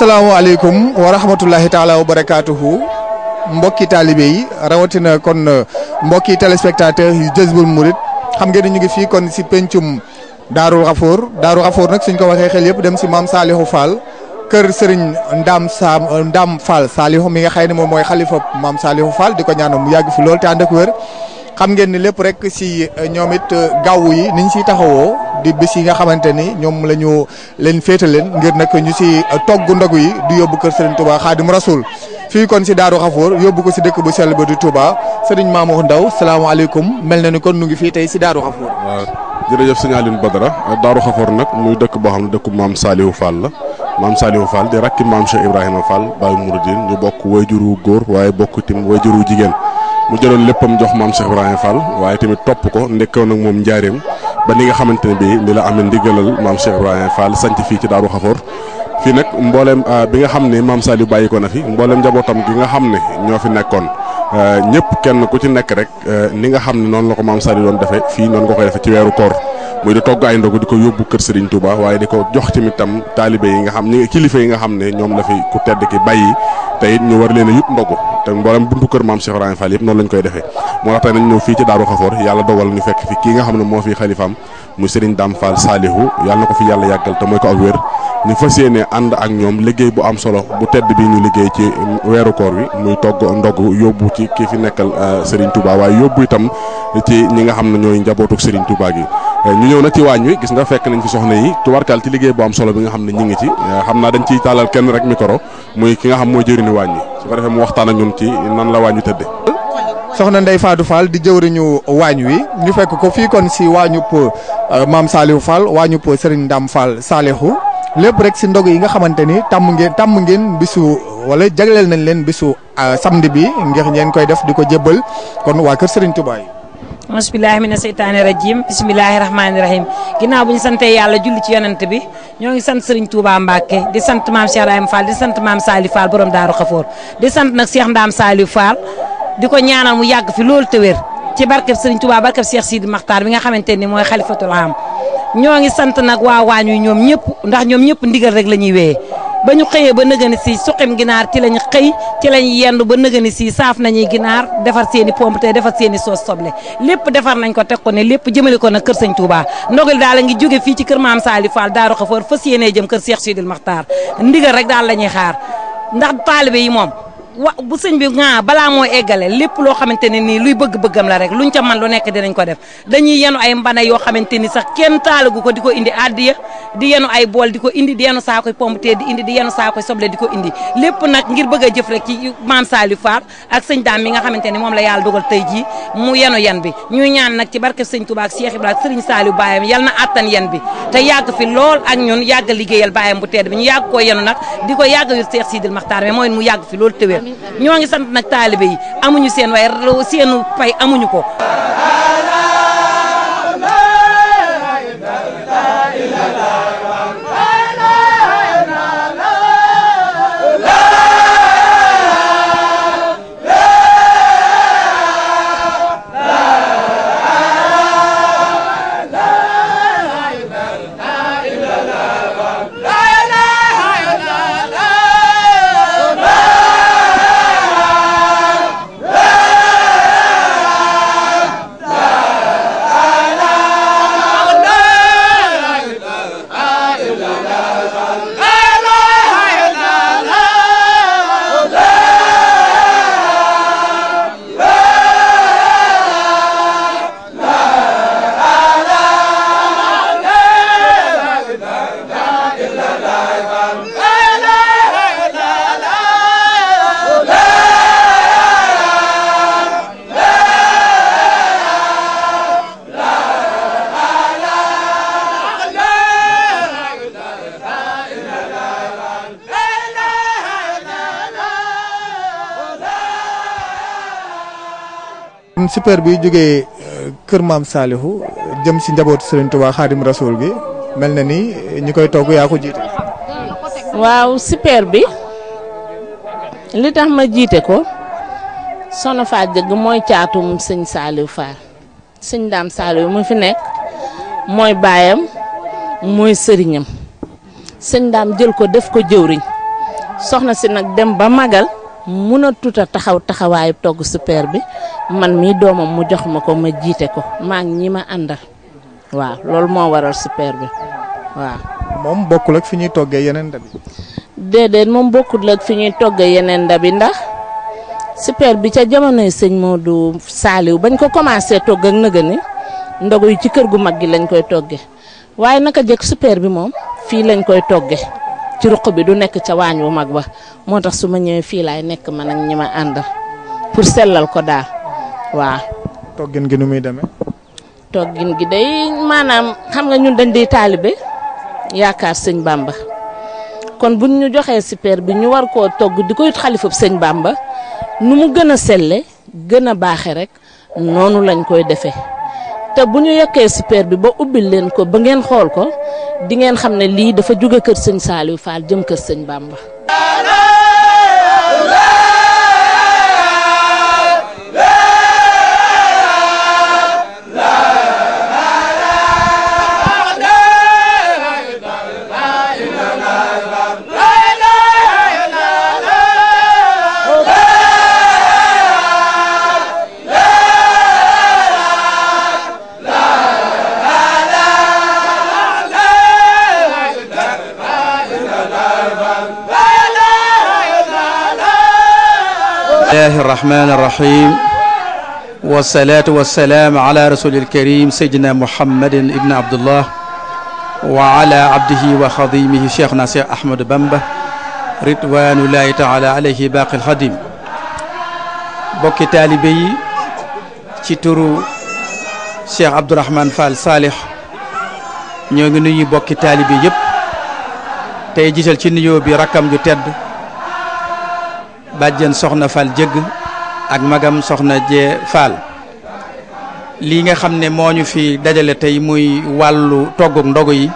asalaamaaleykum wa rahmatullahi taala wa barakaatuhu mbokki taalibe yi rawatina kon euh, mbokki téléspectateur yu Jazboul Mouride xam ngeen ni ñu ngi fii kon si pencum Daaru Xafoor Daaru Xafoor nag suñ ko waxee xel yëpp dem si maam Salihu Fall kër Serigne Ndam Sam euh, Ndam Fall Salihu mi nga xëy ne moom mooy xalifa maam Salihu Fall di ko ñaanal mu yàgg fi lool te ànd ak wér xam ngeen ni lépp rek si euh, ñoom it gaaw yi niñ siy taxawoo. di bis yi nga xamante ni ñoom la ñu leen féeta leen ngir nag ñu si togg ndogu yi di yóbbu kër Serigne Touba Xaadim Rasul fii kon si Daaru Xafoor yóbbu ko si dëkk bu sell ba di Touba Serigne Mamour Ndaw salaamaaleykum mel na ni kon nu ngi fii tey si Daaru Xafoor. waaw jërëjëf sëñ Alioune Badara Daaru Xafoor nag muy dëkk boo xam ne dëkku maam Saliou Fall la maam Saliou Fall di rakki maam Cheikh Ibrahima Fall Baye Mouridine ñu bokk wayjuru góor waaye bokk tim wayjuru jigéen mu jëloon léppam jox maam Cheikh Ibrahima Fall waaye tamit topp ko nekkoon ak moom ba ni nga xamante ne bii ni la amee ndigalal maam Cheikh Ibrahima Fall sanc fii ci Daaru Xafoor fii nag mboolem ah, bi nga xam ne maam Saliou bàyyi ko na fi mboolem njabootam gi nga xam ne ñoo fi nekkoon ah, ñëpp kenn ku ci nekk rek ah, ni nga xam ne noonu la ko maam Saliou doon defee fii noonu nga koy defee ci weeru koor muy di togg ay ndogu di ko yóbbu kër Serigne Touba waaye di ko jox tamit tam taalibe yi nga xam ñi kilifa yi nga xam ne ñoom la fi ku tedd ki bàyyi te it ñu war leen a yóbbu ndogu te mboolem buntu kër maam Cheikh Ibrahima yëpp noonu lañ koy defee moo tax tey nañ ñëw fii ci yàlla dogal ñu fekk fi kii nga xam ne moo fi xalifaam mu Serigne Dame Fall Salihu yàlla na ko fi yàlla yàggal te mooy ko ak wér ñu fas yéene ànd ak ñoom liggéey bu am solo bu tedd bi ñu liggéey ci weeru koor wi mu togg ndogg yóbbu ci kii fi nekkal euh, Serigne Touba waaye yóbbu itam ci ñi nga xam ne ñooy njabootu Serigne Touba gi Eh, ñu ñëw nag ci waañ wi gis nga fekk nañ fi soxna yi tubarkaal ci liggéey bu am solo bi nga xam ne ñu ngi ci eh, xam naa dañ ciy taalal kenn rek micro muy ki nga xam mooy jëriñu waañ wi su ko defee mu waxtaan ak ñun ci la waañ wi tëdde soxna Ndeye Fadou Fall di jëwriñu waañ wi ñu fekk ko fii kon si waañub eh, maam Saliou Fall waañub Serigne Ndam Fall Salihu lépp rek si ndog yi nga xamante ni tàmm ngeen tàmm ngeen bisu wala jagleel nañ leen bisu samedi bi ngir ngeen koy def di ko jébbal kon waa kër Serigne Touba yi masbillahi mina seytaani rajim bisimilahi rahmaani rahim ginnaaw bu ñu santee yàlla julli ci yonent bi ñoo ngi sant Serigne Touba Mbacke di sant maam Cheikh Rahim Fall di sant maam saali Fall borom Daaru Xafoor di sant nag Cheikh Ndaam Sali Fall di ko ñaanal mu yàgg fi loolu te weer ci barkeb Serigne Touba barkeb Cheikh Sidi Makhtar bi nga xamante ni mooy xalifatul am ñoo ngi sant nag waa waañ wi ñoom ñëpp ndax ñoom ñëpp ndigal rek la ñuy wéyee ba ñu xëyee ba nëgëni si suqim ginaar ci lañ xëy ci lañ yendu ba nëgëni si saaf nañuy ginaar defar seen i pompe te defar seen i soos soble lépp defar nañ ko teg ko ne lépp jëmale ko na kër sëñ Touba ndogal daal a ngi jóge fii ci kër maam Sali Fall Daaru Xafoor fas yéenee jëm kër Cheikh Sidil Makhtar ndigal rek daal la ñuy xaar ndax taalibe yi moom wa bu sëñ bi nga balaa moo eggale lépp loo xamante ne nii luy bëgg-bëggam la rek luñ ca man lu nekk dinañ ko def dañuy yenu ay mbana yoo xamante ni sax kenn taalagu ko di ko indi addiya di yenu ay bool di ko indi di yenu saako pompité di indi di yenu saako soble di ko indi lépp nag ngir bëgg a jëf rek ci maam Saliou Fall ak sëñ daam mi nga xamante ni moom la yàlla dogal tey ji mu yenu yan bi ñu ñaan nag ci barke sëñ Touba ak Cheikh Ibrahima sëriñ Saliou baayam yal na attan yan bi te yàgg fi lool ak ñun yàgg liggéeyal baayam bu tedd bi yàgg ko yàgg yur Cheikh Sidil Makhtar mais mooy mu yàgg fi lool tëwéer ñoo sant nag taalibe yi amuñu seen waaye seenu pay amuñu ko supeer bi jógee euh, kër maam Saalihu jëm si njabootu Serigne Touba Xaadim Rasoul gi mel na ni ñi koy togg yaa ko jiite. waaw super bi li tax ma jiite ko sono faa jëgg mooy caatum sëñ Saalihu Fall sëñ daam Saalihu mu fi nekk mooy baayam mooy sëriñam sëñ daam jël ko def ko jëwriñ soxna si nag dem ba magal mun a tuta taxaw taxawaayu togg supeer bi man mii doomam mu jox ma ko ma jiite ko maa ngi ñi ma àndal waaw loolu moo waral super bi waaw. moom bokkul ak fi ñuy toggee yeneen ndab yi. déedéet moom bokkul ak fi toggee yeneen ndab yi ndax super bi ca jamonoy sëñ du saaliw bañ ko commencé togg ak nëgë ni yi ci kër gu mag gi lañ koy toggee waaye naka jëkk super bi moom fii lañ koy toggee ci ruq bi du nekk ca waañ wu mag ba moo tax su ma ñëwee fii laay nekk man ak ñi ma àndal pour sellal ko daal. waaw. toggin gi nu muy demee. toggin gi day maanaam xam nga ñun dañ di taalibe yaakaar sëñ Bamba kon buñ ñu joxee super bi ñu war koo togg di koy it xalifab sëñ Bamba nu mu gën a selle gën a baaxe rek noonu lañ koy defee te bu ñu yokkee super bi ba ubbil leen ko ba ngeen xool ko di ngeen xam ne lii dafa jóge kër sëñ Saliou Fall jëm kër sëñ Bamba. الله الرحمن الرحيم والصلاة والسلام على رسول الكريم سيدنا محمد ابن عبد الله وعلى عبده وخضيمه شيخ ناصر أحمد بمبه رضوان الله تعالى عليه باقي الخديم بوكي طالبي تيتورو شيخ عبد الرحمن فال صالح نيوغي نيو بوكي طالبي ييب تاي جيتال سي نيو bàjjen soxna Fall jëgg ak magam soxna jee Fall lii nga xam ne moo ñu fi dajale tey muy wàllu togg ndogu yi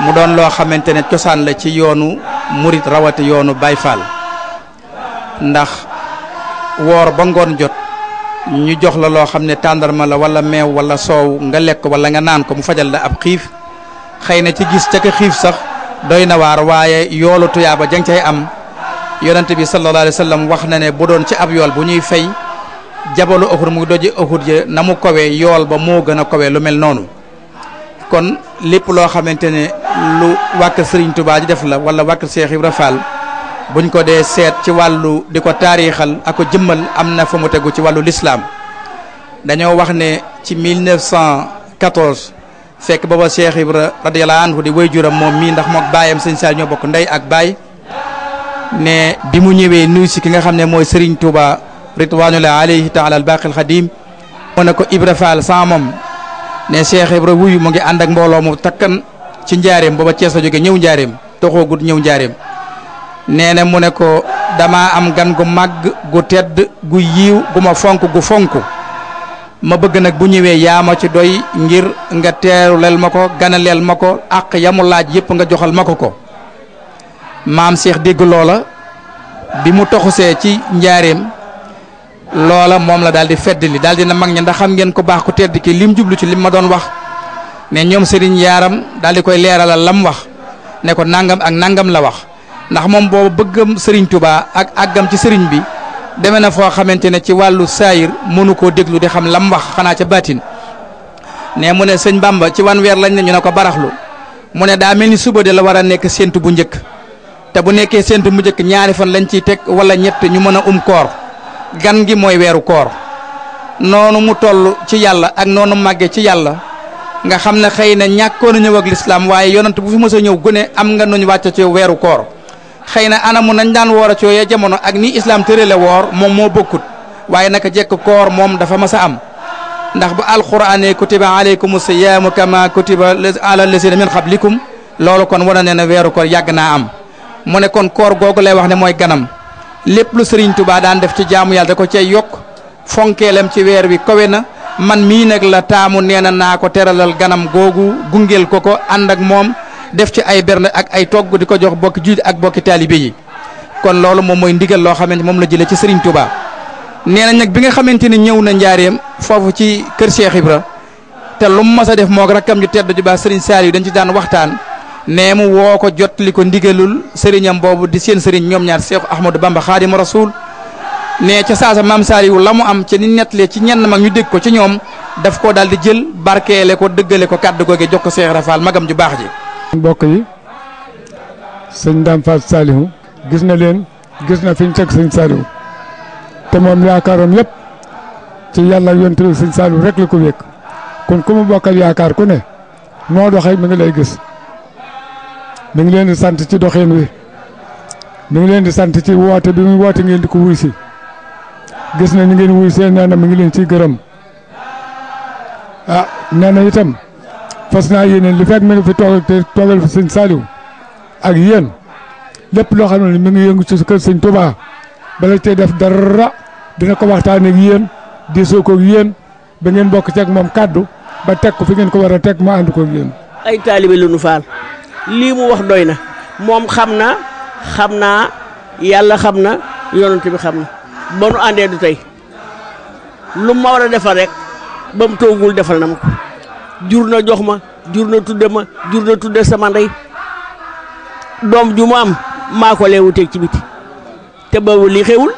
mu doon loo xamante ne cosaan la ci yoonu murit rawati yoonu bay Fall ndax woor ba ngoon jot ñu jox la loo xam ne tàndarma la wala meew wala soow nga lekk walla nga naan ko mu fajal la ab xiif xëy na ci gis ca ka xiif sax doy na waar waaye yoolu tuyaaba jang am yonent bi sallallahu alayhi wa sallam wax na ne bu doon ci ab yool bu ñuy fay jabalu Uhud mu doji Uhud je na mu kawee yool ba moo gën a kowe lu mel noonu kon lépp loo xamante ne lu wàkk Serigne Touba def la wala wàkk Cheikh Ibra buñ ko dee seet ci wàllu di ko taarixal ak ko jëmmal am na fu mu tegu ci wàllu lislaam dañoo wax ne ci 1914 fekk booba Cheikh Ibra radiyallahu anhu di wayjuram moom mii ndax mook baayam sëñ Saal ñoo bokk ndey ak baay ne bi mu ñëwee nuyu si ki nga xam ne mooy Serigne Touba ridwanullahi alayhi taala al baqil xadim mu ne ko Ibra Fall saamam ne Cheikh Ibra wuyu mu ngi ànd ak mbooloo mu takkan ci njaareem booba Cees la jóge ñëw njaareem toxoogut ñëw njaareem nee na mu ne ko dama am gan gu màgg gu tedd gu yiiw gu ma fonk gu fonk ma bëgg nag bu ñëwee yaa ma ci doy ngir nga teeruleel ma ko gana leel ma ko àq yamu laaj yëpp nga joxal ma ko ko mam Cheikh deg lola bi mu toxuse ci njaareem lola mom la daldi feddi daldi na mag ñi ndax xam ngeen ko bax ku tedd ki lim jublu ci lim ma doon wax ne ñom serigne yaram daldi koy leral lam wax ne ko nangam ak nangam la wax ndax mom boobu bëggam serigne Touba ak agam ci serigne bi deme na fo xamantene ci walu sayir munu ko deglu di xam lam wax xana ca batine ne mu ne serigne Bamba ci wan wer lañ ne ñu ne ko baraxlu mu ne da melni suba de la wara nek sentu bu ñeuk te bu nekkee séntu mu njëkk ñaari fan lañ ciy teg wala ñett ñu mën a um koor gan gi mooy weeru koor noonu mu toll ci yàlla ak noonu màggee ci yàlla nga xam ne xëy na ñàkkoon a ñëw ak lislaam waaye yonent bu fi mës a ñëw gune am nga nuñ wàcce ci weeru koor xëy na anamu nañ daan woor a cooyee jamono ak ni islaam tërale woor moom moo bokkut waaye naka jekk koor moom dafa mës a am ndax bu al kutiba aleykum siyaamu kama kutiba ala lazina min loolu kon wane weeru koor yàgg naa mu ne kon koor googu lay wax ne mooy ganam lépp lu Serigne Touba daan def ci jaamu yàlla da ko cay yokk fonkeelam ci weer wi kawe na man mii nag la taamu nee na naa ko teralal ganam googu gungeel ko ko ànd ak moom def ci ay berne ak ay togg di ko jox bokki juuj ak bokki taalibe yi kon loolu moom mooy ndigal loo xamante moom la jëlee ci Serigne Touba. nee na nag bi nga xamante ne ñëw na njaareem foofu ci kër Cheikh Ibra te lu mu mës a def moog rakkam ju tedd ju baax Serigne Saliou dañ ci daan waxtaan. nee mu woo ko jottali ko ndigalul sëriñam boobu di seen sëriñ ñoom ñaar Seexu Ahmadou Bamba Xaadimu Rasuul nee ca saasa maam Saliou la mu am ca ni nettalee ci ñenn mag ñu dégg ko ci ñoom daf ko daal di jël barkeele ko dëggale ko kàddu googe jox ko Seex Rafaal magam ju baax ji. mbokk yi sëñ Dame Fatou Saliou gis na leen gis na fi ñu teg sëñ Saliou te moom yaakaaram yëpp ci yàlla yonent sëñ Saliou rek la ko wékk kon ku mu bokkal yaakaar ku ne noo doxee mi ngi lay gis. mi ngi leen di sant ci doxin wi mi ngi leen di sant ci woote bi muy woote ngeen di ko wuy si gis na ni ngeen wuy see nee na mi ngi leen ciy gërëm a ah nee na itam fas naa yéene li fekk mi ngi fi toogal te toogal fi sëñ Saliou ak yéen lépp loo xam ne mi ngi yëngu ci kër sëñ Touba bala cay def dara dina ko waxtaan ak yéen diisoo ko ak yéen ba ngeen bokk ci moom kàddu ba teg ko fi ngeen ko war a teg mu ànd ko yéen. ay taalibe la nu faal. li mu wax doyna mom moom xamna yalla xamna naa yonent bi xamna ba nu àndee du tay lu ma wara defal rek bam togul defal nam ma ko jur jox ma jurna tudde ma jurna tudde sama ndey dom ju mu am mako ko tek ci biti te boobu li xewul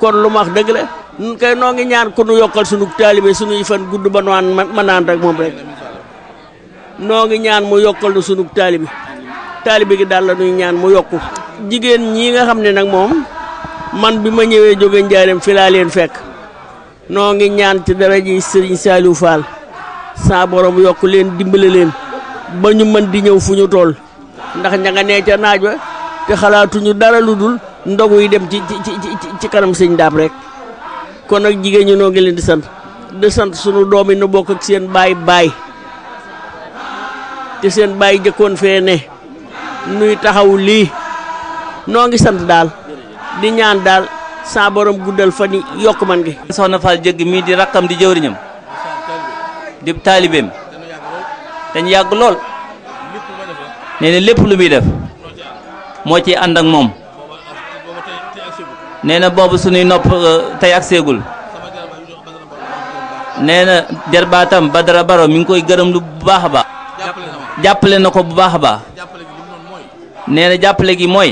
kon lu ma wax deug la ñu kay ngi ñaan ku nu yokal suñu talibé suñu fan gudd ba noan ma rek moom rek noo ngi ñaan mu yokkal nu sunu taalibi taalibi gi daal la ñaan mu yokku jigéen ñii nga xam ne nag moom man bi ma ñëwee jóge njaareem fi laa leen fekk noo ngi ñaan ci dara ji sëriñ Saliou Fall saa borom yokk leen dimbale leen ba ñu mën di ñëw fu ñu toll ndax ña nga nee te xalaatuñu dara lu dul ndogu yi dem ci ci ci kanam sëñ daam rek kon nag jigéen ñi noo ngi leen di sant di sant sunu doom yi nu bokk ak baay baay te seen bàyyi jekkon fe ne nuy taxaw li no ngi sant dal di ñaan dal sa borom guddal fa ni man gi soxna Fall jegg mi di rakam di jeewriñam di talibem dañ yag lool neena lepp lu mi def mo ci and ak mom neena bobu suñu nopp euh, tay ak segul neena derbatam Badara Baro mi ngi koy gërëm lu baax a jàppale na ko bu baax a baax nee na jàppale gi mooy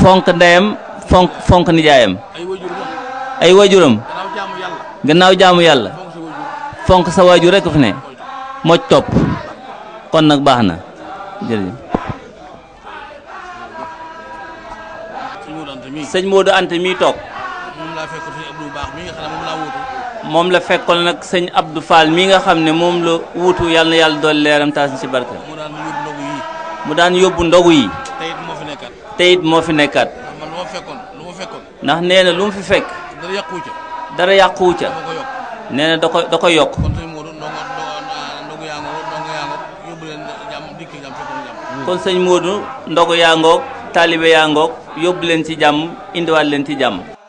fonk ndeyam fonk fonk nijaayam ay wajuram gannaaw jaamu yàlla fonk sa waajur rekk fi ne moj topp kon nag baax na jërëjëf sëñ Modou Anta mii moom la fekkoon nag sëñ Abdou Fall mi nga xam ne moom la wuutu yàlla yàlla dool leeram taas ci barke mu daan yóbbu ndogu yi te it moo fi nekkaat ndax nee na lu mu fi fekk dara yàquwu ca nee na da ko da ko yokk kon sëñ Modou ndogu yaa ngoog taalibe yaa ngoog yóbbu leen ci jàmm indiwaat leen ci jàmm